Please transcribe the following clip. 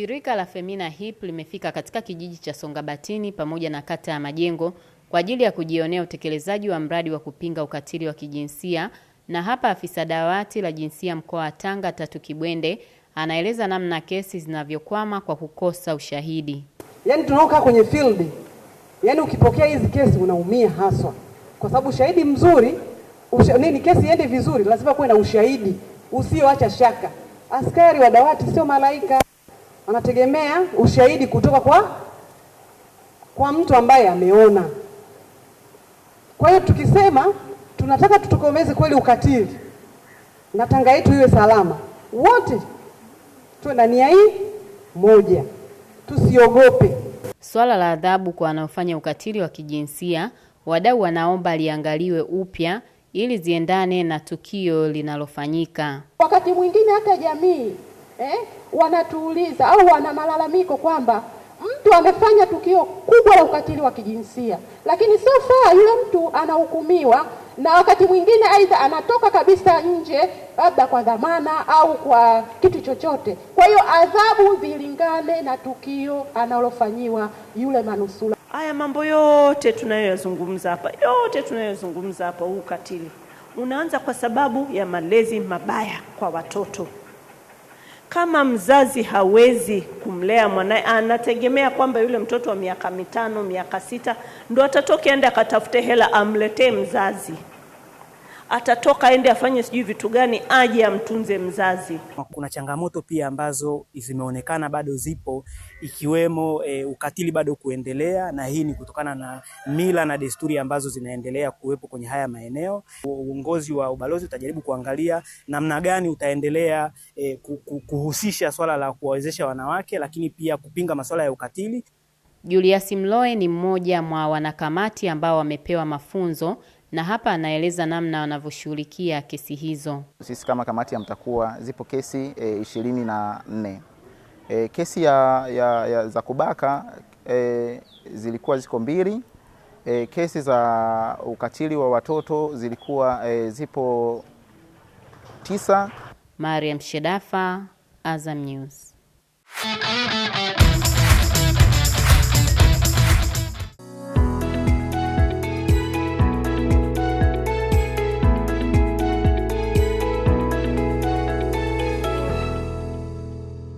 Shirika la Femina HIP limefika katika kijiji cha Songabatini pamoja na kata ya Majengo kwa ajili ya kujionea utekelezaji wa mradi wa kupinga ukatili wa kijinsia na hapa afisa dawati la jinsia mkoa wa Tanga Tatu Kibwende anaeleza namna kesi zinavyokwama kwa kukosa ushahidi. Yaani tunaokaa kwenye field, yaani ukipokea hizi kesi unaumia haswa, kwa sababu shahidi mzuri usha, nini kesi iende vizuri lazima kuwe na ushahidi usioacha shaka. Askari wa dawati sio malaika anategemea ushahidi kutoka kwa kwa mtu ambaye ameona. Kwa hiyo tukisema tunataka tutokomeze kweli ukatili na Tanga yetu iwe salama, wote tuwe na nia hii moja, tusiogope. Swala la adhabu kwa wanaofanya ukatili wa kijinsia, wadau wanaomba liangaliwe upya ili ziendane na tukio linalofanyika. Wakati mwingine hata jamii eh, wanatuuliza au wana malalamiko kwamba mtu amefanya tukio kubwa la ukatili wa kijinsia, lakini so far yule mtu anahukumiwa, na wakati mwingine aidha anatoka kabisa nje, labda kwa dhamana au kwa kitu chochote. Kwa hiyo adhabu zilingane na tukio analofanyiwa yule manusula. Haya mambo yote tunayoyazungumza hapa, yote tunayoyazungumza hapa, huu ukatili unaanza kwa sababu ya malezi mabaya kwa watoto. Kama mzazi hawezi kumlea mwanae, anategemea kwamba yule mtoto wa miaka mitano, miaka sita ndo atatoke ende akatafute hela amletee mzazi atatoka aende afanye sijui vitu gani, aje amtunze mzazi. Kuna changamoto pia ambazo zimeonekana bado zipo, ikiwemo e, ukatili bado kuendelea, na hii ni kutokana na mila na desturi ambazo zinaendelea kuwepo kwenye haya maeneo. Uongozi wa ubalozi utajaribu kuangalia namna gani utaendelea e, kuhusisha swala la kuwawezesha wanawake, lakini pia kupinga masuala ya ukatili. Julius Mloe ni mmoja mwa wanakamati ambao wamepewa mafunzo na hapa anaeleza namna wanavyoshughulikia kesi hizo. Sisi kama kamati ya MTAKUWA zipo kesi e, ishirini na nne e, kesi ya, ya, ya za kubaka e, zilikuwa ziko mbili. E, kesi za ukatili wa watoto zilikuwa e, zipo tisa. Mariam Shedafa, Azam News.